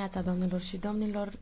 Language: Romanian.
ați domnilor și domnilor.